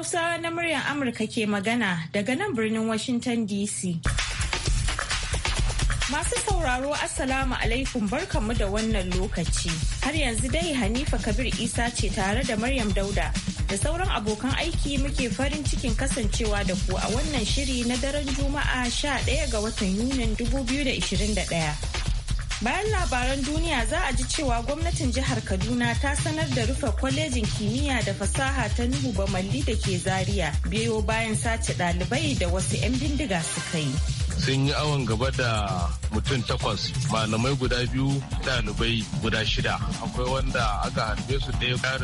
Hausa na muryar Amurka ke magana daga nan birnin Washington DC. Masu sauraro Assalamu alaikum barkanmu da wannan lokaci. Har yanzu dai Hanifa Kabir Isa ce tare da Maryam Dauda da sauran abokan aiki muke farin cikin kasancewa da ku a wannan shiri na daren Juma'a 11 ga watan Yunin 2021. Bayan labaran duniya za a ji cewa gwamnatin jihar Kaduna ta sanar da rufe kwalejin kimiyya da fasaha ta Nuhu Bamalli da ke Zaria biyo bayan sace ɗalibai da wasu 'yan bindiga suka yi. Sun yi awon gaba da mutum takwas malamai guda biyu ɗalibai guda shida akwai wanda aka harbe su da ya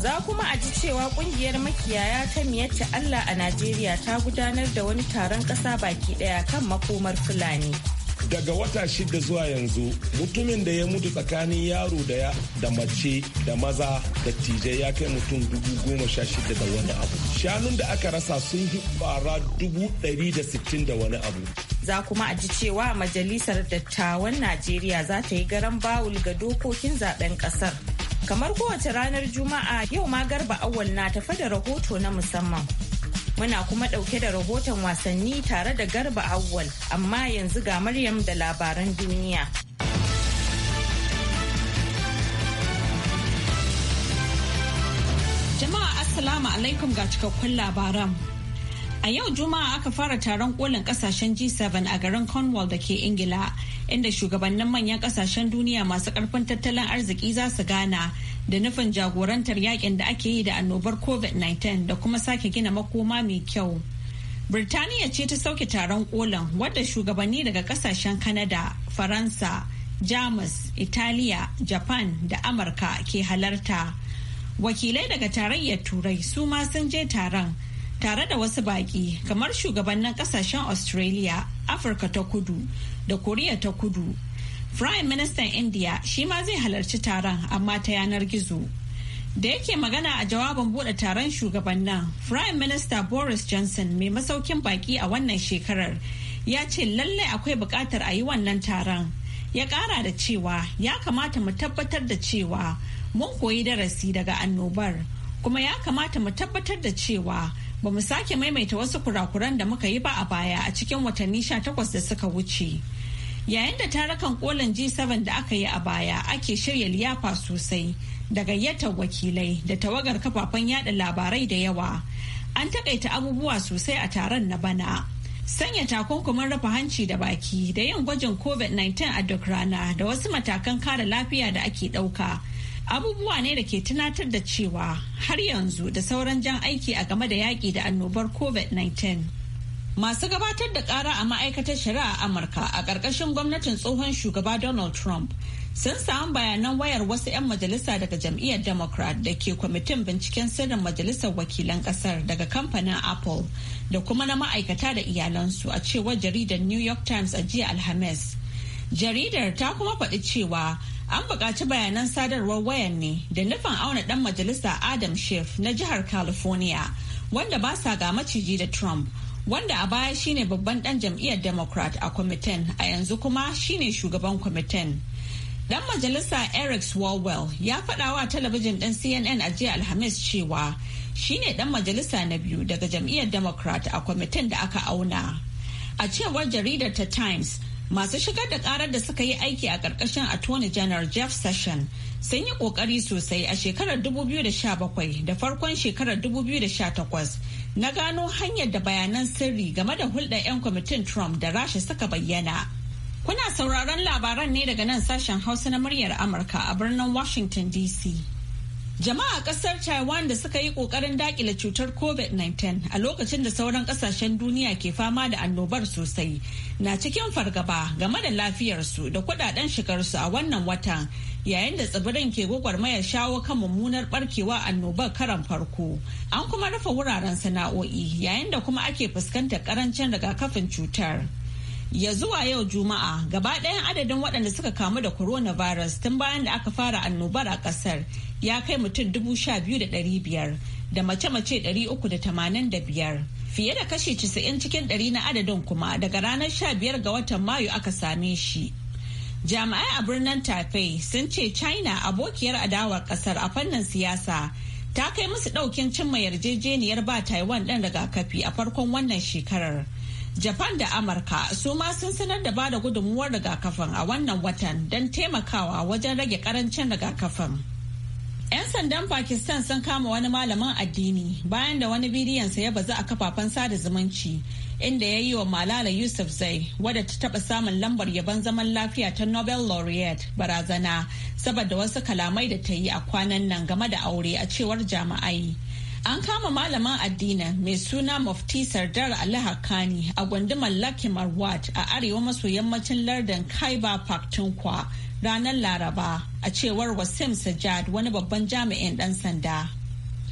Za kuma a ji cewa kungiyar makiyaya ta miyatta Allah a Najeriya ta gudanar da wani taron ƙasa baki ɗaya kan makomar Fulani. daga wata shida zuwa yanzu mutumin da ya mutu tsakanin yaro da da mace da maza da tijai ya kai mutum dubu goma sha shida da wani abu shanun da aka rasa sun yi bara dubu dari da sittin da wani abu za kuma a ji cewa majalisar dattawan najeriya za ta yi garan bawul ga dokokin zaben kasar kamar kowace ranar juma'a yau ma garba awal na tafa da rahoto na musamman Muna kuma ɗauke da rahoton wasanni tare da Garba Awwal, amma yanzu ga Maryam da labaran duniya. Jama'a Assalamu alaikum ga cikakkun labaran. A yau Juma'a aka fara taron kolin kasashen G7 a garin Cornwall da ke Ingila. inda shugabannin manyan kasashen duniya masu karfin tattalin arziki za su gana da nufin jagorantar yakin da ake yi da annobar covid-19 da kuma sake gina makoma mai kyau birtaniya ce ta sauke taron kolon wadda shugabanni daga kasashen kanada faransa jamus italiya japan da amurka ke halarta wakilai daga tarayyar turai su ma sun je taron tare da wasu baki kamar shugabannin kasashen australia afirka ta kudu da koriya ta kudu prime minister india shi ma zai halarci taron amma ta yanar gizo da yake magana a jawabin bude taron shugabannin prime minister boris johnson mai masaukin baki a wannan shekarar ya ce lallai akwai bukatar a yi wannan taron ya kara da cewa ya kamata mu tabbatar da cewa mun koyi darasi daga annobar. kuma ya kamata mu tabbatar da cewa ba mu sake maimaita wasu kurakuran da muka yi ba a baya a cikin watanni sha takwas da suka wuce. Yayin da tarukan kolin G7 da aka yi a baya ake shirya liyafa sosai da gayyatar wakilai da tawagar kafafen yada labarai da yawa. An takaita abubuwa sosai a taron na bana. Sanya takunkumin rufe hanci da baki da yin gwajin COVID-19 a duk rana da wasu matakan kare lafiya da ake ɗauka. abubuwa ne da ke tunatar da cewa har yanzu da sauran jan aiki a game da yaƙi da annobar covid-19 masu gabatar da ƙara a ma'aikatar shari'a amurka a ƙarƙashin gwamnatin tsohon shugaba donald trump sun samu bayanan wayar wasu 'yan majalisa daga jam'iyyar democrat da ke kwamitin binciken sirrin majalisar wakilan Ƙasar daga kamfanin apple da kuma na ma'aikata da iyalansu a cewar jaridar new york times a jiya alhamis jaridar ta kuma faɗi cewa An buƙaci bayanan sadarwar wayan ne da nufin auna ɗan majalisa Adam Schiff na jihar California wanda ba sa ga maciji da Trump wanda a baya shine babban ɗan jam'iyyar Democrat a kwamitin a yanzu kuma shine shugaban kwamitin. Dan majalisa Eric Swalwell ya faɗa wa talabijin ɗin CNN a jiya Alhamis cewa shine ɗan majalisa na biyu daga jam'iyyar Democrat a kwamitin da aka auna. A cewar jaridar ta Times, Masu shigar da karar da suka yi aiki a ƙarƙashin Attorney General Jeff Session sun yi ƙoƙari sosai a shekarar 2017 da farkon shekarar 2018 na gano hanyar da bayanan sirri game da hulɗar 'yan kwamitin Trump da Rasha suka bayyana. Kuna sauraron labaran ne daga nan sashen Hausa na muryar Amurka a birnin Washington DC. Jama'a kasar Taiwan da suka yi kokarin dakile cutar COVID-19 a lokacin da sauran kasashen duniya ke fama da annobar sosai na cikin fargaba game da lafiyarsu da kudaden shigarsu a wannan watan yayin da tsibirin ke gwagwarmayar shawo kan mummunar barkewa annobar karan farko. An kuma rufe wuraren sana'o'i yayin da kuma ake fuskantar karancin rigakafin cutar. ya zuwa yau juma'a gaba ɗayan adadin waɗanda suka kamu da coronavirus tun bayan da aka fara annobar a ƙasar ya kai mutum dubu sha biyu da ɗari biyar da mace-mace ɗari uku da tamanin da biyar fiye da kashi casa'in cikin ɗari na adadin kuma daga ranar sha biyar ga watan mayu aka same shi jami'ai a birnin taipei sun ce china abokiyar adawar ƙasar a fannin siyasa ta kai musu ɗaukin cimma yarjejeniyar ba taiwan ɗin rigakafi a farkon wannan shekarar Japan da Amurka su ma sun sanar da bada gudunmuwar rigakafin a wannan watan don taimakawa wajen rage karancin rigakafin. 'Yan sandan Pakistan sun kama wani malamin addini bayan da wani bidiyonsa ya bazu a kafafen sada zumunci inda ya yi wa Malala Yusuf Zai wadda ta taɓa samun lambar yabon zaman lafiya ta Nobel laureate barazana saboda wasu kalamai da ta yi a kwanan nan game da aure a cewar jama'ai. An kama malaman addinin mai suna Mufti Sardar Ali Kani a gundumar Lucky Marwat a arewa maso yammacin lardin Kaiba tunkwa ranar Laraba a cewar Wasim Sajjad wani babban jami'in ɗan sanda.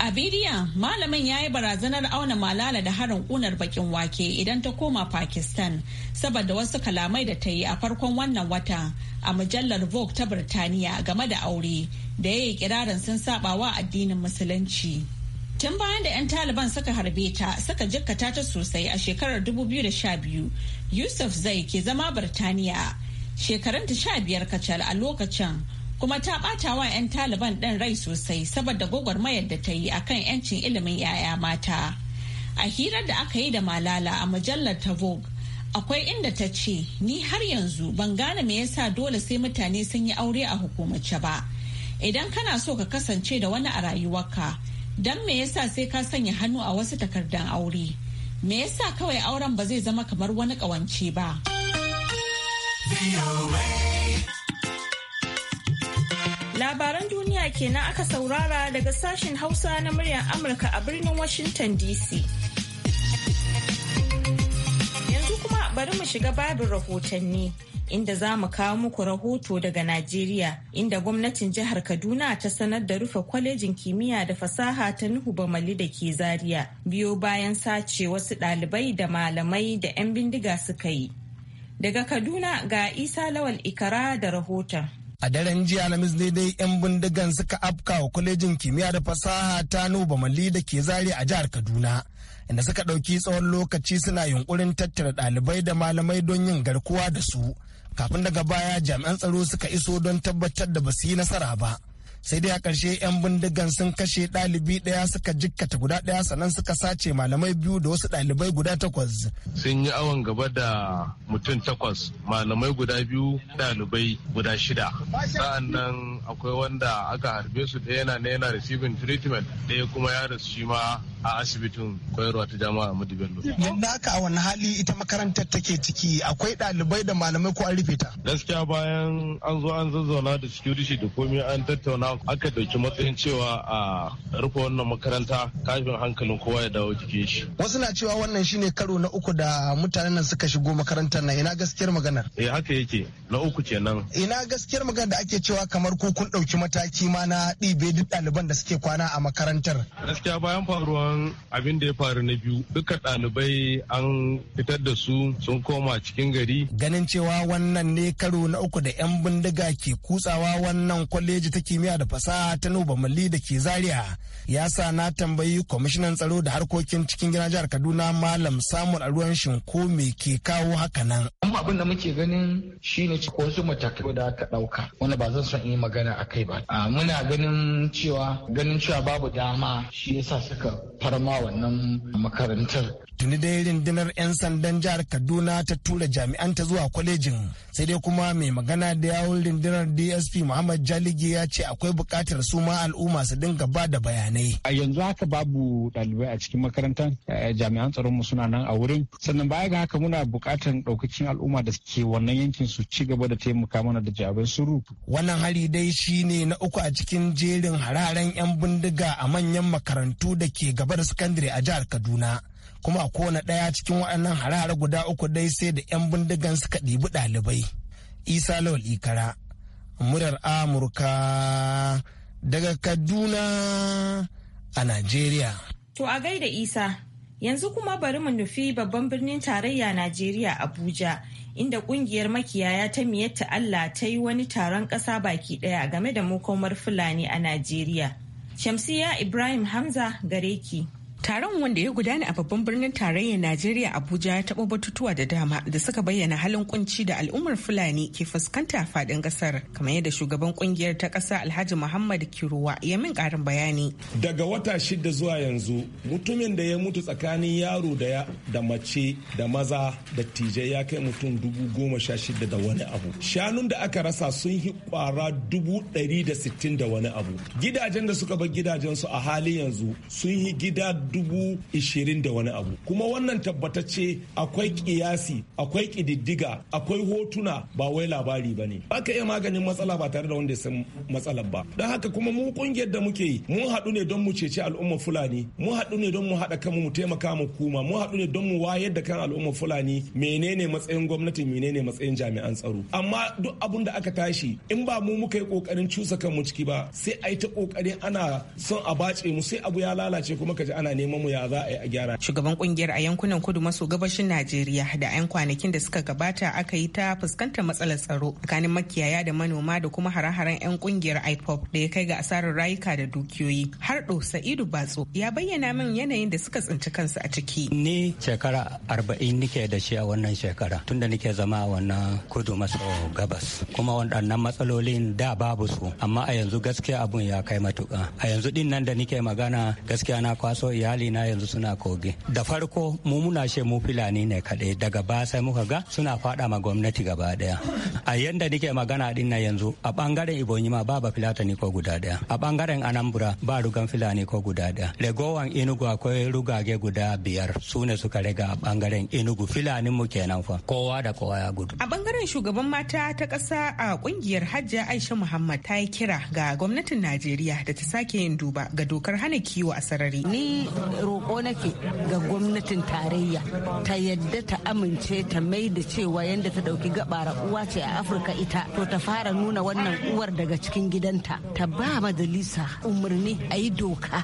A bidiyon malamin ya yi barazanar auna malala da harin kunar bakin wake idan ta koma Pakistan saboda wasu kalamai da ta yi a farkon wannan wata a mujallar Vogue ta Birtaniya game da aure da ya yi kirarin sun wa addinin Musulunci. Tun bayan da 'yan Taliban suka harbe ta suka jikkata ta sosai a shekarar 2012, Yusuf Zai ke zama Birtaniya. ta sha biyar kacal a lokacin kuma ta bata wa 'yan Taliban ɗin rai sosai saboda gwagwarmayar da ta yi akan 'yancin ilimin 'ya'ya mata. A hirar da aka yi da Malala a mujallar ta Vogue, akwai inda ta ce ni har yanzu ban gane me yasa dole sai mutane sun yi aure a hukumance ba idan kana so ka kasance da wani a rayuwarka don me yasa sai ka sanya hannu a wasu takardan aure me yasa kawai auren ba zai zama kamar wani ƙawance ba labaran duniya kenan aka saurara daga sashen hausa na muryar amurka a birnin washington dc bari mu shiga babin rahotanni inda za mu kawo muku rahoto daga Najeriya inda gwamnatin jihar Kaduna ta sanar da rufe kwalejin kimiyya da fasaha ta Nuhu Bamali da ke Zaria biyo bayan sace wasu ɗalibai da malamai da 'yan bindiga suka yi. Daga Kaduna ga Isa Lawal Ikara da rahoton. a daren jiya na ne dai yan bindigan suka afka wa kwalejin kimiyya da fasaha ta nuba malli da ke zare a jihar kaduna inda suka ɗauki tsawon lokaci suna yunkurin tattara ɗalibai da malamai don yin garkuwa da su kafin daga baya jami'an tsaro suka iso don tabbatar da basu yi nasara ba sai dai a karshe 'yan bindigan sun kashe ɗalibi ɗaya suka jikkata guda ɗaya sannan suka sace malamai biyu da wasu ɗalibai guda takwas. sun yi awon gaba da mutum takwas malamai guda biyu ɗalibai guda shida sa'an nan akwai wanda aka harbe su ɗaya na yana receiving treatment ɗaya kuma ya rasu shi ma a asibitin koyarwa ta jama'a Ahmadu Bello. Yadda haka a wani hali ita makarantar take ciki akwai ɗalibai da malamai ko an rufe ta. Gaskiya bayan an zo an zazzauna da security da komai an tattauna nan aka dauki matsayin cewa a rufe wannan makaranta kafin hankalin kowa ya dawo jike shi wasu na cewa wannan shine karo na uku da mutanen nan suka shigo makarantar nan ina gaskiyar maganar eh haka yake na uku kenan ina gaskiyar magana da ake cewa kamar ko kun dauki mataki ma na ɗibe duk ɗaliban da suke kwana a makarantar gaskiya bayan faruwan abin da ya faru na biyu duka ɗalibai an fitar da su sun koma cikin gari ganin cewa wannan ne karo na uku da 'yan bindiga ke kutsawa wannan kwaleji ta kimiyya da fasaha ta nuba malli da ke zaria ya sa na tambayi kwamishinan tsaro da harkokin cikin gidan jihar kaduna malam samun a ruwan shinko me ke kawo haka nan. abin da muke ganin shine ko wasu matakai da aka dauka wanda ba zan son yi magana a kai ba muna ganin cewa ganin cewa babu dama shi yasa suka farma wannan makarantar tuni dai rundunar 'yan sandan jihar kaduna ta tura jami'anta zuwa kwalejin sai dai kuma mai magana da yawon rundunar dsp muhammad jalige ya ce akwai akwai bukatar su ma al'umma su dinga ba da bayanai. A yanzu haka babu ɗalibai a cikin makarantar eh, jami'an tsaron mu suna nan a wurin. Sannan baya ga haka muna bukatar ɗaukakin al'umma da suke wannan yankin su ci gaba da taimaka mana da jawabin suru. Wannan hari dai shi ne na uku a cikin jerin hararen 'yan bindiga a manyan makarantu da ke gaba da sakandare a jihar Kaduna. kuma a kowane ɗaya cikin waɗannan harare guda uku dai sai da 'yan bindigan suka ɗibi ɗalibai. Isa Lawal Ikara, murar Amurka daga Kaduna a Najeriya. To a gaida Isa, yanzu kuma bari mu nufi babban birnin tarayya Najeriya Abuja. inda kungiyar makiyaya ta miyatta Allah ta yi wani taron ƙasa baki ɗaya game da mukomar Fulani a Najeriya. Shamsiya Ibrahim Hamza Gareki. Taron wanda ya gudana a babban birnin tarayyar Najeriya Abuja ya taɓa batutuwa da dama da suka bayyana halin kunci da al'ummar Fulani ke fuskanta faɗin ƙasar kamar yadda shugaban kungiyar ta ƙasa Alhaji Muhammad Kiruwa ya min karin bayani. Daga wata shida zuwa yanzu mutumin da ya mutu tsakanin yaro da da mace da maza da tijai ya kai mutum dubu goma sha shida da wani abu. Shanun da aka rasa sun yi ƙwara dubu ɗari da sittin da wani abu. Gidajen da suka bar gidajensu a hali yanzu sun yi gida dubu ishirin da wani abu kuma wannan tabbatacce akwai kiyasi akwai kididdiga akwai hotuna ba wai labari ba ne ba iya maganin matsala ba tare da wanda ya san matsalar ba don haka kuma mu kungiyar da muke yi mun haɗu ne don mu ceci al'umma fulani mu haɗu ne don mu haɗa kanmu mu taimaka mu kuma mu haɗu ne don mu wayar da kan al'umma fulani menene matsayin gwamnati menene matsayin jami'an tsaro amma duk abun da aka tashi in ba mu muka yi kokarin cusa kanmu ciki ba sai a yi ta kokarin ana son a bace mu sai abu ya lalace kuma ka ji ana neman mu ya za a yi a gyara. Shugaban kungiyar a yankunan kudu maso gabashin Najeriya da 'yan kwanakin da suka gabata aka yi ta fuskantar matsalar tsaro tsakanin makiyaya da manoma da kuma hare-haren 'yan kungiyar IPOP da ya kai ga asarar rayuka da dukiyoyi. Har Sa'idu Batso ya bayyana min yanayin da suka tsinci kansu a ciki. Ni shekara arba'in nike da shi a wannan shekara tunda nike zama a wannan kudu maso gabas kuma waɗannan matsalolin da babu su amma a yanzu gaskiya abun ya kai matuƙa a yanzu din nan da nike magana gaskiya na kwaso iya iyalina yanzu suna kogi da farko mu muna she mu filani ne kaɗai daga ba sai muka ga suna faɗa ma gwamnati gaba ɗaya a yanda nike magana din nan yanzu a bangaren ibonyi ma ba ba filatani ko guda ɗaya a bangaren anambra ba rugan filani ko guda ɗaya legowan inugu akwai rugage guda biyar su suka riga a bangaren inugu filanin mu kenan fa kowa da kowa ya gudu a bangaren shugaban mata ta ƙasa a kungiyar hajja aisha muhammad ta yi kira ga gwamnatin najeriya da ta sake yin duba ga dokar hana kiwo a sarari ni roƙo nake ga gwamnatin tarayya ta yadda ta amince ta mai da cewa yadda ta ɗauki gabara uwa ce a afirka ita to ta fara nuna wannan uwar daga cikin gidanta ta ba majalisa umarni a yi doka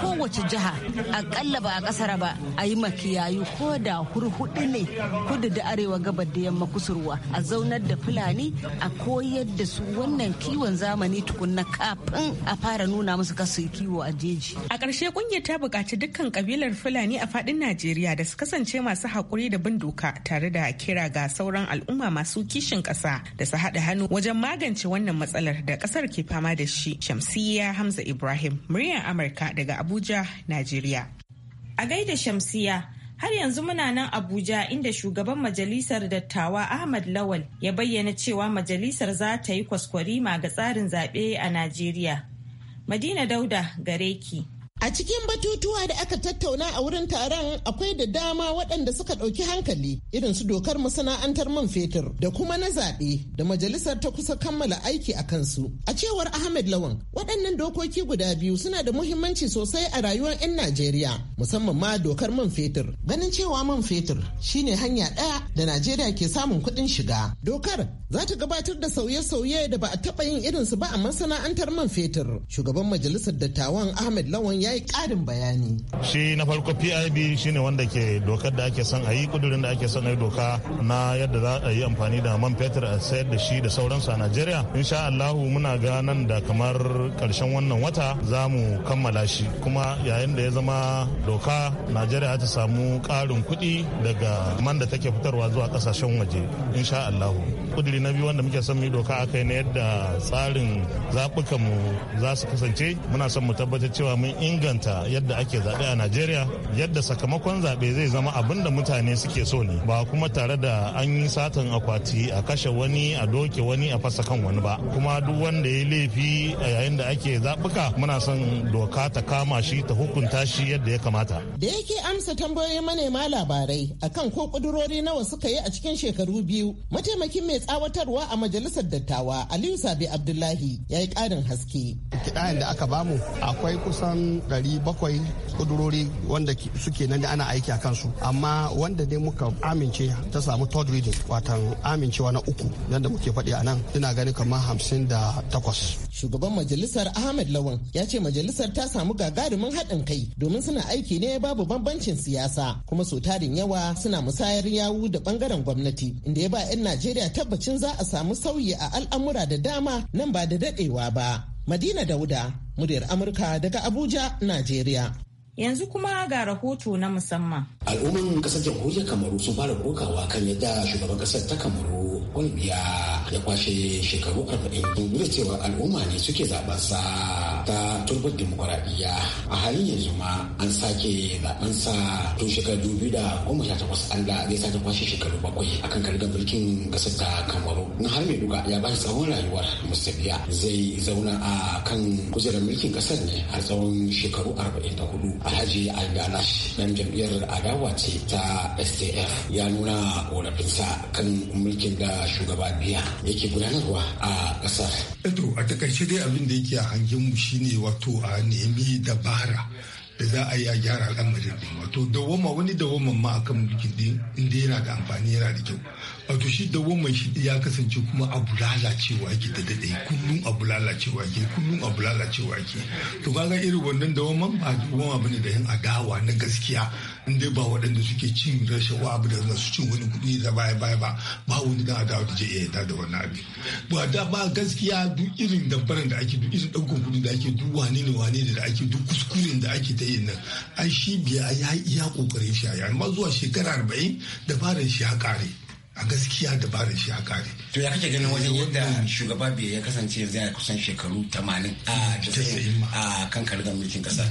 kowace jiha akalla ba a ƙasar ba a yi makiyayu ko da hurhuɗu ne kudu da arewa gabar da yamma kusurwa a zaunar da fulani a koyar da su wannan kiwon zamani tukunna kafin a fara nuna musu kasu kiwo a jeji a ƙarshe ƙungiyar ta buƙaci buƙaci dukkan kabilar Fulani a faɗin Najeriya da su kasance masu haƙuri da bin doka tare da kira ga sauran al'umma masu kishin ƙasa da su haɗa hannu wajen magance wannan matsalar da ƙasar ke fama da shi. Shamsiyya Hamza Ibrahim, muryar Amurka daga Abuja, Najeriya. A gaida Shamsiyya, har yanzu muna nan abuja inda shugaban majalisar dattawa ahmad lawal ya bayyana cewa majalisar za ta yi kwaskwarima ga tsarin zaɓe a najeriya madina dauda gare ki A cikin batutuwa da aka tattauna a wurin taron akwai da dama waɗanda suka ɗauki hankali irin su dokar masana'antar man fetur da kuma na zaɓe da majalisar ta kusa kammala aiki a kansu. A cewar Ahmed Lawan, waɗannan dokoki guda biyu suna da muhimmanci sosai a rayuwar 'yan Najeriya, musamman ma dokar man fetur. Ganin cewa man fetur shine hanya ɗaya da Najeriya ke samun kuɗin shiga. Dokar za ta gabatar da sauye-sauye da ba a taɓa yin irin su ba a masana'antar man fetur. Shugaban majalisar dattawan Ahmed Lawan ya yi ƙarin bayani. Shi na farko PIB shi ne wanda ke dokar da ake son a yi kudurin da ake son a yi doka na yadda za a yi amfani da man fetur a sayar da shi da sauransu a Najeriya. Insha Allahu muna ga nan da kamar karshen wannan wata za mu kammala shi kuma yayin da ya zama doka Najeriya ta samu karin kuɗi daga man da take fitarwa zuwa kasashen waje insha Allahu kudiri na biyu wanda muke son mu doka a kai na yadda tsarin mu za su kasance muna son mu tabbatar cewa mun inganta yadda ake zaɓe a najeriya yadda sakamakon zaɓe zai zama abin da mutane suke so ne ba kuma tare da an yi satan akwati a kashe wani a doke wani a fasa kan wani ba kuma duk wanda ya laifi a yayin da ake zaɓuka muna son doka ta kama shi ta hukunta shi yadda ya kamata da yake amsa tambayoyin manema labarai akan ko kudurori nawa suka yi a cikin shekaru biyu mataimakin mai tsawatarwa a majalisar dattawa Aliyu Sabi Abdullahi ya yi karin haske. Kiɗayen da aka bamu akwai kusan 700 kudurori wanda suke nan da ana aiki a kansu amma wanda dai muka amince ta samu third reading watan amincewa na uku yadda muke faɗi a nan ina ganin kamar hamsin da takwas. Shugaban majalisar Ahmed Lawan ya ce majalisar ta samu gagarumin haɗin kai domin suna aiki ne babu bambancin siyasa kuma so tarin yawa suna musayar yawu da ɓangaren gwamnati inda ya ba 'yan Najeriya tab tabbacin za a samu sauyi a al'amura da dama nan ba da daɗewa ba. Madina Dauda, muryar Amurka daga Abuja, Najeriya. Yanzu kuma ga rahoto na musamman. Al'umman kasar jamhuriyar Kamaru sun fara kokawa kan yadda shugaban kasar ta Kamaru Olivia ya kwashe shekaru 40 duk da cewa al'umma ne suke zaɓarsa. ta turbar dimokuraɗiyya a halin yanzu ma an sake sa tun shekaru dubu da goma sha takwas Allah zai sake kwashe shekaru bakwai akan kargar mulkin ƙasar ta Kamaru. Na har mai duka ya bashi tsawon rayuwar musabiya zai zauna a kan kujerar mulkin ƙasar ne har tsawon shekaru arba'in da hudu. Alhaji Aldanash ɗan jam'iyyar adawa ce ta STF ya nuna korafinsa kan mulkin da shugaba biya yake gudanarwa a ƙasar. Eto a takaice dai abin da yake a hangen mu shi ne wato a nemi dabara da za a yi a gyara al'amarin wato dawoma wani dawoman ma akan mulkin din inda yana da amfani yana da kyau wato shi woman shi ya kasance kuma abu lalacewa yake da dade kullum abu lalacewa yake kullum abu lalacewa yake to ga irin wannan woman ba dawwama bane da yan adawa na gaskiya in dai ba waɗanda suke cin wa abu da su cin wani kuɗi da baya baya ba ba wani dan adawa da zai iya da wannan abu ba da ba gaskiya duk irin dabbaran da ake duk irin ɗaukan kuɗi da ake duk wane ne wane da ake duk kuskuren da ake ta yin nan ai shi biya ya iya kokarin shi amma zuwa shekara arba'in da fara shi ya kare a gaskiya dabarar shi a kare. To ya kake ganin wajen yadda shugaba bai ya kasance yanzu ya kusan shekaru 80 mm, a kan kargar mulkin kasa.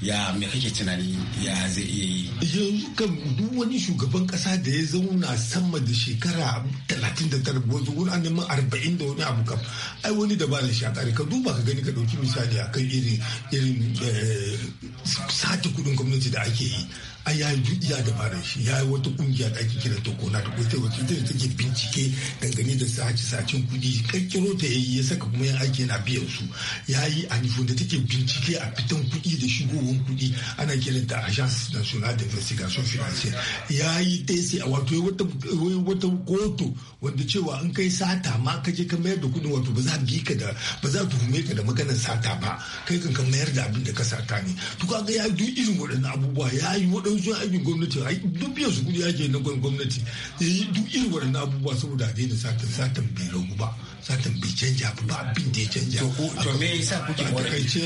Ya me kake tunani ya zai iya yi? kan duk wani shugaban kasa da ya zauna sama da shekara 39 wanzu wani an neman 40 da wani abu kam. Ai wani dabarar shi a kare ka duba ka gani ka ɗauki misali akan irin irin eh, sati kudin gwamnati da ake yi. ai ya yi iya dabarar shi ya yi wata kungiya da ake kira ta kona da kwata wata ita take bincike dangane da sace sacen kudi kakkiro ta yayi ya saka kuma yan aiki yana biyan su ya yi a nufin da take bincike a fitan kudi da shigowar kudi ana kiran ta agence nationale investigation financière ya yi tese a wato yi wata kotu wanda cewa in kai sata ma ka je ka mayar da kudin wato ba za bi ka da ba za tuhume ka da maganar sata ba kai kan ka mayar da abin da ka sata ne to ya yi duk irin waɗannan abubuwa ya yi waɗansu sun aikin gwamnati duk biyan su kudi ake na gwamnati yi eh, duk irin waɗannan abubuwa saboda a daina satan satan bai ragu ba satan bai canja ba abin da ya canja. To me yasa kuke A takaice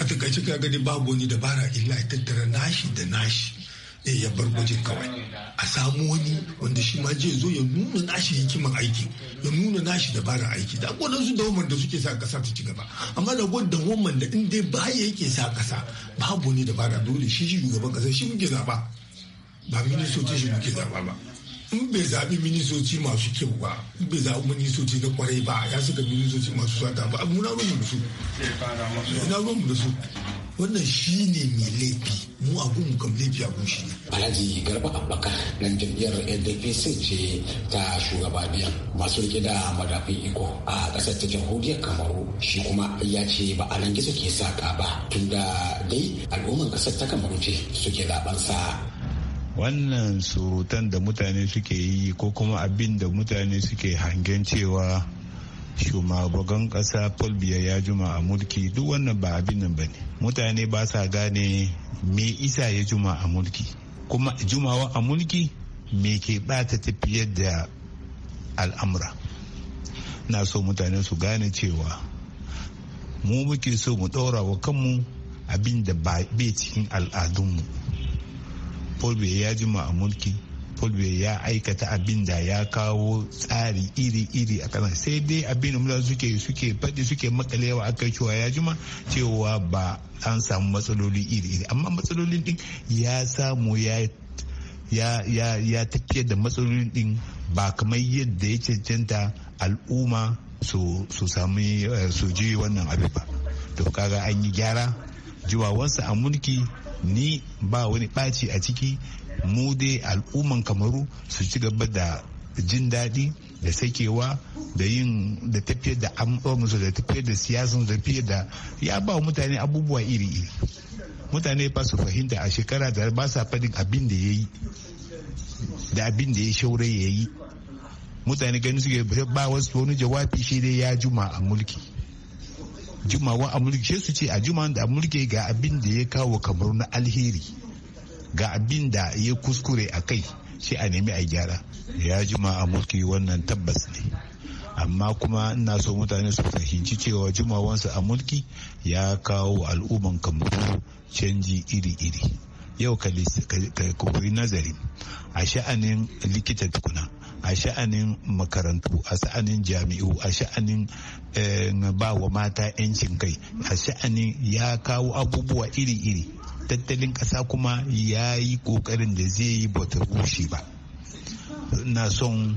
a takaice ka gani babu wani dabara illa tattara nashi da nashi. ya bar gwajin kawai a samu wani wanda shi ma je zo ya nuna nashi hikiman aiki ya nuna nashi dabarar aiki da gwanan su dawamar da suke sa kasa ta ci gaba amma da gwadan wannan da in dai baya yake sa kasa babu ne dabara dole shi shugaban kasa shi muke zaba ba ministoci shi muke zaba ba in bai zaɓi ministoci masu kyau ba in bai zaɓi ministoci na kwarai ba ya suka ministoci masu sata ba muna rumu da su wannan shi ne mai laifi mu a gun kam laifi a gushi ne. alhaji garba abubakar nan jam'iyyar ndpc ce ta shugaba biyan masu rike da madafin iko a ƙasar ta jamhuriyar kamaru shi kuma ya ce ba a nan gizo ke ka ba tun da dai al'umman ƙasar ta kamaru ce suke sa wannan surutan da mutane suke yi ko kuma abin da mutane suke hangen cewa shugaban kasa paul biya ya juma a mulki duk wannan ba abin nan bane mutane ba sa gane me isa ya juma a mulki kuma jumawa a mulki me ke bata tafiyar da al'amura na so mutane su gane cewa mu muke so mu ɗora wa kanmu abin da bai cikin al'adunmu paul biya ya juma a mulki polio ya aikata abin da ya kawo tsari iri-iri a kasa sai dai abin da suke suke faɗi suke makalewa aka cewa ya jima cewa ba an samu matsaloli iri-iri amma matsalolin din ya samu ya ya ya ya tafiyar da matsalolin din ba kamar yadda ya cancanta al'umma su su sami eh, su ji wannan abin ba to kaga an yi gyara jiwawansa a mulki ni ba wani ɓaci a ciki mu dai al'umman kamaru su ci gaba da jin daɗi da sakewa da yin da tafiye da amurmusu da tafiye da siyasun da tafiye da ya ba wa mutane abubuwa iri-iri mutane ba su fahimta a shekara da ba sa faɗin abin da ya yi da abin da ya shaure ya yi mutane ganin suke ba wasu wani jawabi shi dai ya juma a mulki jumawa a mulki sai su ce a juma da mulki ga abin da ya kawo kamar na alheri ga abin da ya kuskure a kai sai a nemi a gyara ya jima a mulki wannan tabbas ne amma kuma ina so mutane su fahimci cewa jimawansa a mulki ya kawo al'umman kamaru canji iri-iri yau ka kuri nazari a sha'anin likita tukuna a sha'anin makarantu a sha'anin jami'u a sha'anin eh, ba wa mata 'yancin kai a sha'anin ya kawo abubuwa iri-iri tattalin ƙasa kuma ya yi ƙoƙarin da zai yi bata rushe ba na son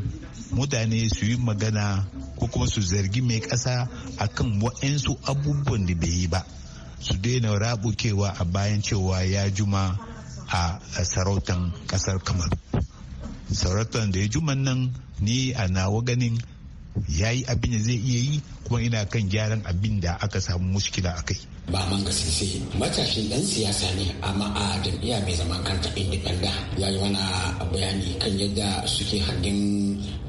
mutane su yi magana ko kuma su zargi mai ƙasa akan waɗansu abubuwan da bai yi ba su daina rabukewa a bayan cewa ya juma a sarautan ƙasar kamaru sarautar da ya juman nan ni a nawa ganin ya yi abin da zai iya yi kuma ina kan gyaran abin da aka samu muskila a kai. ba man ga sisi matashin dan siyasa ne amma a jam'iyya mai zaman kanta independent ya yi wani bayani kan yadda suke hangin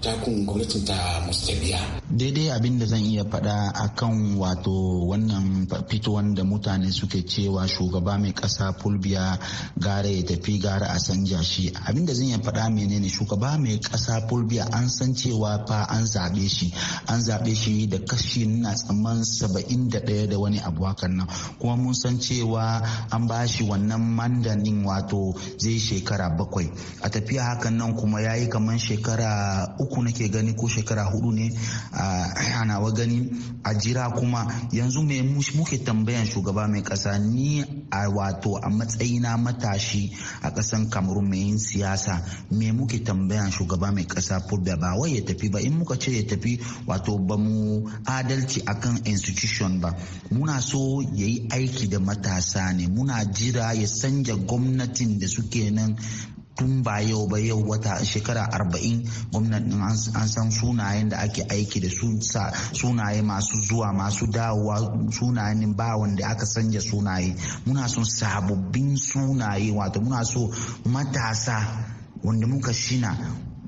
takun gwamnatin ta musulmiya daidai abin da zan iya faɗa akan wato wannan fitowar da mutane suke cewa shugaba mai ƙasa fulbiya gara ya tafi gara a sanja shi abin da zan iya faɗa menene shugaba mai kasa fulbiya an san cewa fa an zaɓe shi an zaɓe shi da kashi na tsamman saba'in da ɗaya da wani abu hakan nan kuma mun san cewa an ba shi wannan mandanin wato zai shekara bakwai a tafiya hakan nan kuma ya yi kamar shekara uku nake gani ko shekara hudu ne a nawa gani a jira kuma yanzu me muke tambayan shugaba mai kasa ni a wato a matsayina matashi a kasan kamarun mai yin siyasa me muke tambayan shugaba mai kasa fulbe ba wai ya tafi ba in muka ce ya tafi wato ba mu adalci akan institution ba muna so ya yi aiki da matasa ne muna jira ya sanja gwamnatin da suke nan tun ba yau ba yau wata shekara arba'in gwamnan an san sunayen da ake aiki da su sunaye masu zuwa masu dawowa sunayen ba wanda aka sanya sunaye muna son sababbin sunaye wato muna so matasa wanda muka shina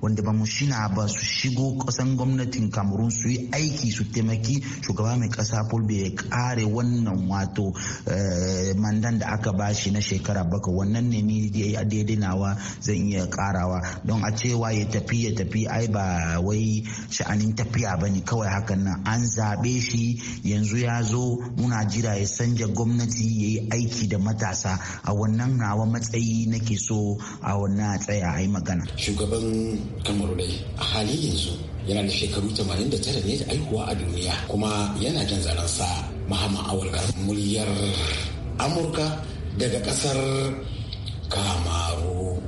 wanda ba mu shina ba su shigo kasan gwamnatin kamerun su yi aiki su taimaki shugaba mai kasa Fulbe ya kare wannan wato eh, mandan da aka ba shi na shekara baka wannan ne ni daidai nawa zan iya karawa don a cewa ya tafi ya tafi ai ba wai sha'anin tafiya ba ne kawai hakan nan an zaɓe shi yanzu ya zo muna jira ya sanja gwamnati ya yi aiki da matasa a wannan nawa matsayi nake so a wannan tsaya a yi magana. Shugaban kamaru a hali yanzu yana da shekaru 89 ne da aihuwa a duniya kuma yana jan zaransa mahama awal muryar amurka daga kasar kamaru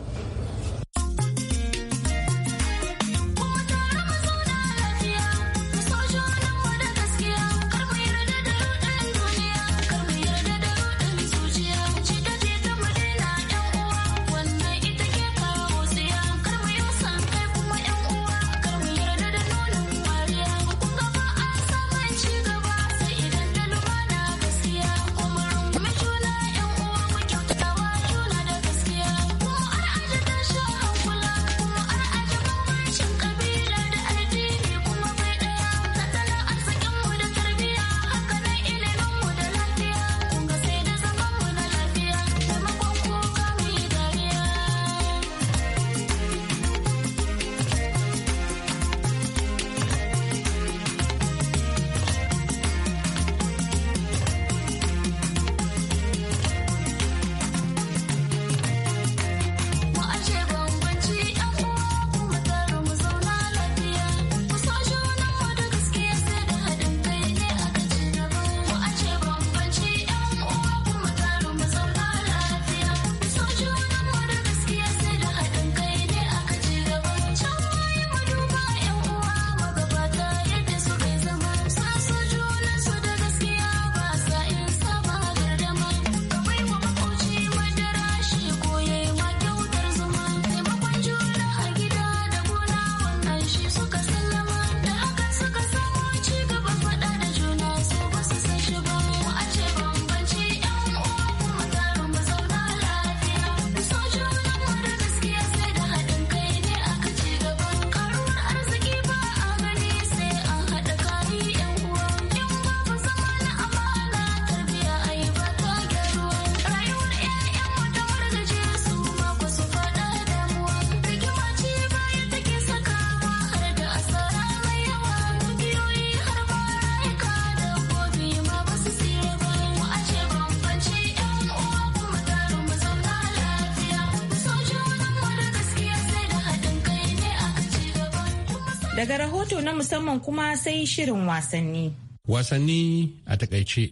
na musamman kuma sai shirin wasanni. Wasanni a takaice.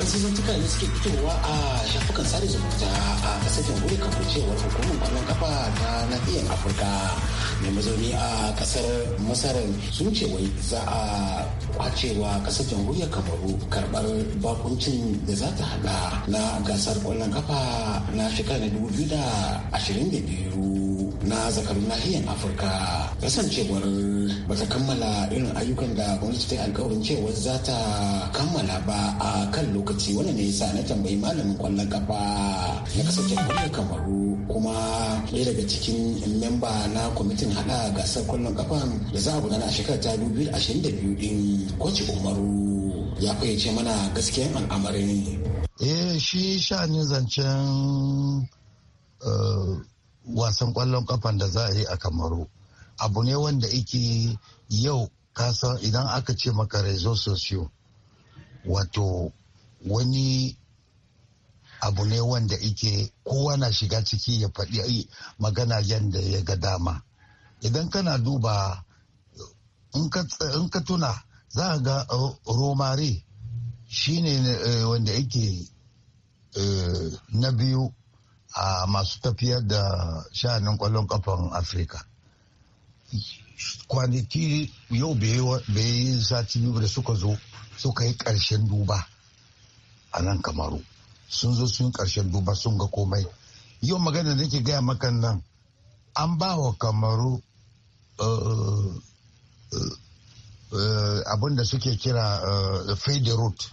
wasu zantuka ne suke fitowa a shafukan sada zumunta a kasar jamhuriyar kamfucewar hukumar kwallon kafa ta nahiyar afirka mai mazauni a kasar masar sun ce wai za a kwacewa kasar jamhuriyar kamaru karbar bakuncin da za ta hada na gasar kwallon kafa na shekarar 2022 na zakarun nahiyar afirka kasancewar ba ta kammala irin ayyukan da gwamnati ta yi alkawarin cewa za ta kammala ba a kan lokaci wani ne yasa na tambayi malamin kwallon kafa na kasance kwallon kamaru kuma ɗaya daga cikin memba na kwamitin hada gasar kwallon kafa da za a gudana a shekarar ta biyu biyu da ashirin ɗin kwace umaru ya fayyace mana gaskiyan al'amarin eh shi sha'anin zancen eh, wasan kwallon kafan da za a yi a kamaru abu ne wanda ike yau kasan idan aka ce maka rezo sosiyo wato wani abu ne wanda ike kowa na shiga ciki ya faɗi magana yadda ya ga dama idan kana duba in ka tuna za a ga uh, romare shine eh, wanda yake eh, na biyu a masu tafiyar da sha'anin kwallon kafan afirka kwanaki yau bai sati biyu da suka zo suka yi ƙarshen duba a nan kamaru sun zo sun karshen duba sun ga komai yau magana da ke gaya maka nan an ba wa kamaru eh, eh, eh, abin suke kira fade route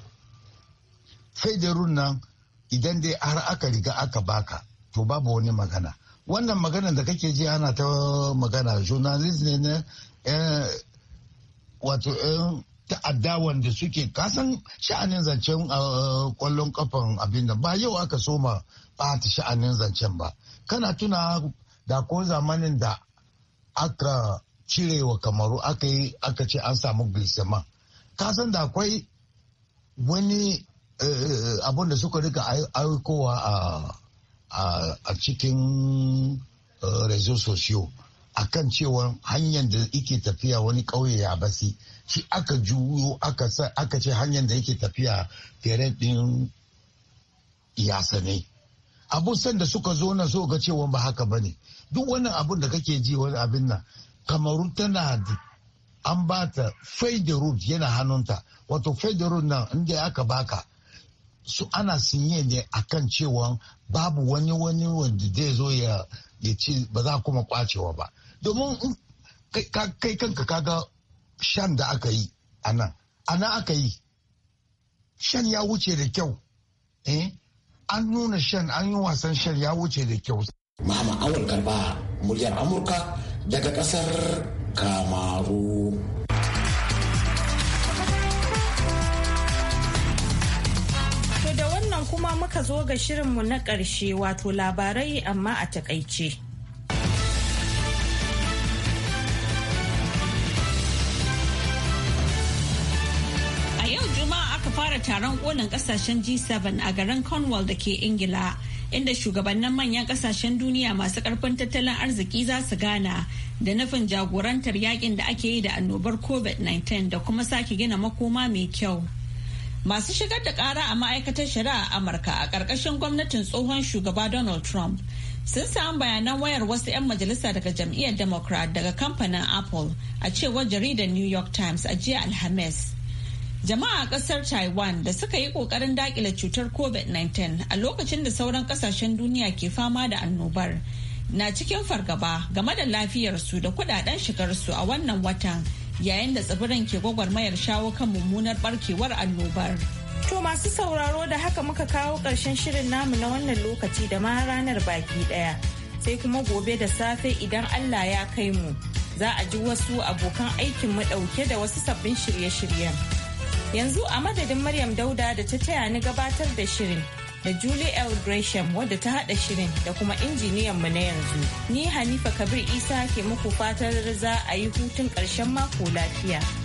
fade route nan idan dai har aka riga aka baka to babu wani magana wannan magana da kake ji ana ta magana journalist ne na eh, wato eh, ta'adda wanda suke kasan sha'anin zancen eh, kwallon kafan abin da ba yau aka soma bata sha'anin zancen ba kana tuna da ko zamanin da aka cire wa kamaru aka yi aka ce an samu glisama kasan da akwai wani Eh, abin da suka rika aikowa a cikin eh, rezo sosiyo a kan cewa hanyar da yake tafiya wani ƙauye ya basi shi aka juyo aka ce hanyar da yake tafiya fere din yasa ne abun san da suka zo na so ga cewa ba haka ba ne duk wannan abun da kake ji wani abin nan kamaru tana da an ba ta federal yana hannunta wato federal nan inda aka baka su ana sinye ne akan cewa babu wani wani wanda zai zo ya ce ba za kuma kwacewa ba domin kai kanka kaga shan da aka yi a nan a nan aka yi shan ya wuce da kyau eh an nuna shan an yi wasan shan ya wuce da kyau mama awon karba muryar amurka daga kasar kamaru nan kuma muka zo ga shirinmu na ƙarshe wato labarai amma a takaice. A yau Juma'a aka fara taron kolin ƙasashen G7 a garin Cornwall da ke Ingila. inda shugabannin manyan kasashen duniya masu karfin tattalin arziki za su gana da nufin jagorantar yakin da ake yi da annobar covid-19 da kuma sake gina makoma mai kyau. masu shigar da kara a ma'aikatar shari'a a amurka a ƙarƙashin gwamnatin tsohon shugaba donald trump sun samu bayanan wayar wasu 'yan majalisa daga jam'iyyar democrat daga kamfanin apple a cewar jaridar new york times a jiya alhamis jama'a a kasar taiwan da suka yi ƙoƙarin daƙile cutar covid-19 a lokacin da sauran ƙasashen duniya ke fama da annobar na cikin fargaba game da lafiyarsu da kudaden shigarsu a wannan watan yayin da tsibirin ke gwagwarmayar shawo kan mummunar barkewar annobar. To masu sauraro da haka muka kawo ƙarshen shirin namu na wannan lokaci da ma ranar baki ɗaya. Sai kuma gobe da safe idan Allah ya kai mu za a ji wasu abokan aikin mu ɗauke da wasu sabbin shirye-shiryen. Yanzu a madadin Maryam Dauda da ta taya ni gabatar da shirin. da Julie L. Gresham wadda ta haɗa shirin da kuma injiniyan mu na yanzu. Ni Hanifa Kabir Isa ke muku fatar za a yi hutun ƙarshen mako lafiya.